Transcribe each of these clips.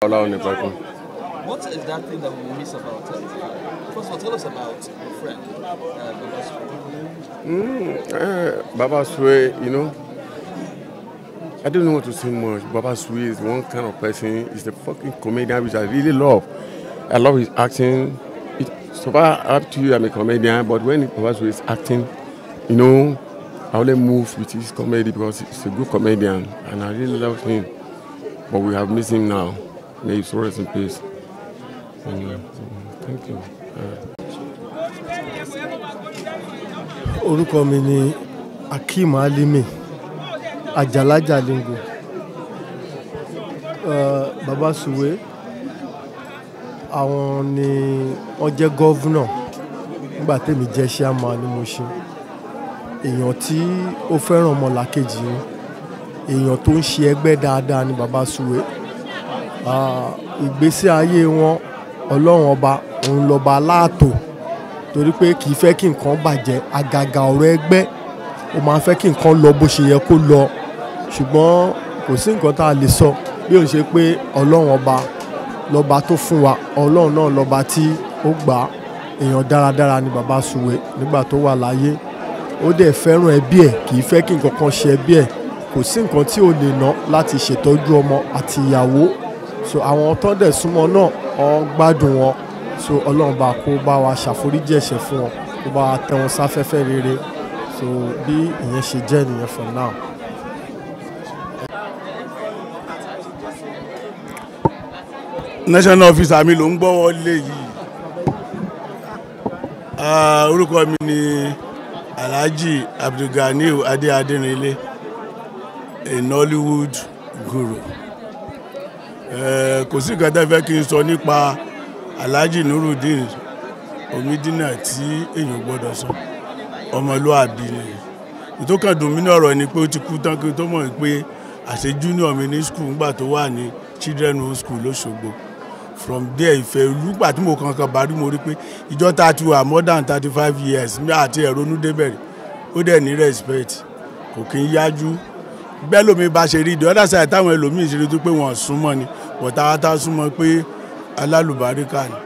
What is that thing that we miss about it? First of all, tell us about your friend, uh, Baba Swe. Mm, uh, Baba you know, I don't know what to say much. Baba Swe is one kind of person. He's a fucking comedian which I really love. I love his acting. It, so far up to you, I'm a comedian, but when Baba Swe is acting, you know, I only move with his comedy because he's a good comedian and I really love him. But we have missed him now. May you rest in peace. And, thank you. Orúkọ mi ni Akeem Alimi Ajala Jalingo uh, Baba Suwe àwọn ni wọ́n jẹ́ gọ́vnà nígbà tèmi jẹ́ ṣíàmà ní Mùṣín èèyàn tí ó fẹ́ràn ọmọlàkejì èèyàn tó ń ṣe ẹgbẹ́ dáadáa ni Baba Suwe ìgbésí ayé wọn ọlọ́run ọba òun lọ́ba aláàtò torí pé kì í fẹ́ kí nǹkan bàjẹ́ àgàgà ọ̀rọ̀ ẹgbẹ́ ó máa fẹ́ kí nǹkan lọ bó ṣe yẹ kó lọ ṣùgbọ́n kò sí nǹkan tá a lè sọ bí ó ṣe pé ọlọ́run ọba lọ́ba tó fún wa ọlọ́run náà lọ́ba tí ó gbà á èèyàn dáradára ni bàbá Suwe nígbà tó wà láyé ó dẹ̀ fẹ́ràn ẹbí ẹ̀ kì í fẹ́ kí nǹkan kan ṣe ẹbí ẹ̀ kò sí nǹkan tí ò lè ná láti ṣètọ́jú ọmọ àti ìyàwó so àwọn tó dẹ̀ súnmọ́ náà ọ̀ gbádùn wọn so ọlọ́run bá kó bá wa ṣàforíjì ẹ̀ṣẹ̀ fún wọn kó bá wa tẹ́ wọn sáfẹ́fẹ́ rere so bí ìyẹn ṣe jẹ́ nìyẹn for now. national officer mi ló ń gbọ́ wọlé yìí orúkọ mi ni alhaji abdulganiu adé a Nollywood guru. Eh, kò sí nǹkan tẹ́ kí n sọ nípa Alhaji Nurudeen Omidina tí èèyàn gbọ́dọ̀ sọ ọmọlúàbí ni ìtókàn dùn ọ̀rọ̀ ni pé ó ti kú tán kí n tó mọ̀ pé àṣẹ junior mi ní school ńgbà tó wà ní children home school lọ́sọ̀gbọ̀ from there ìfẹ́ olùgbà tí mo kàn kàn bá rí mo rí pé ìjọ ta ti wà more than thirty five years mi àti ẹ̀rọ onúdébẹ̀rẹ̀ ó dẹ̀ ní respect kò kí ń yájú bẹ́lòmíì bá ṣe rí the other side táwọn ẹlòmíì ṣe rí tó pé wọ́n súnmọ́ ni bọ̀tá wa tá súnmọ́ pé alálùbáríkà ni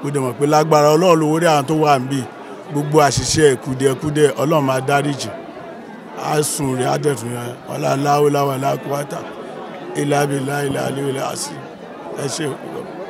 kò dẹ̀ mọ̀ pé lágbára ọlọ́run lówó rí àwọn tó wà ń bì gbogbo àṣìṣe ẹ̀kúdẹ̀kúdẹ̀ ọlọ́run máa dáríjì á sùn rí adẹ̀tún rẹ ọlá láwọ láwọ aláàkúwátà ìlàbílà àṣì ẹ ṣe òkú.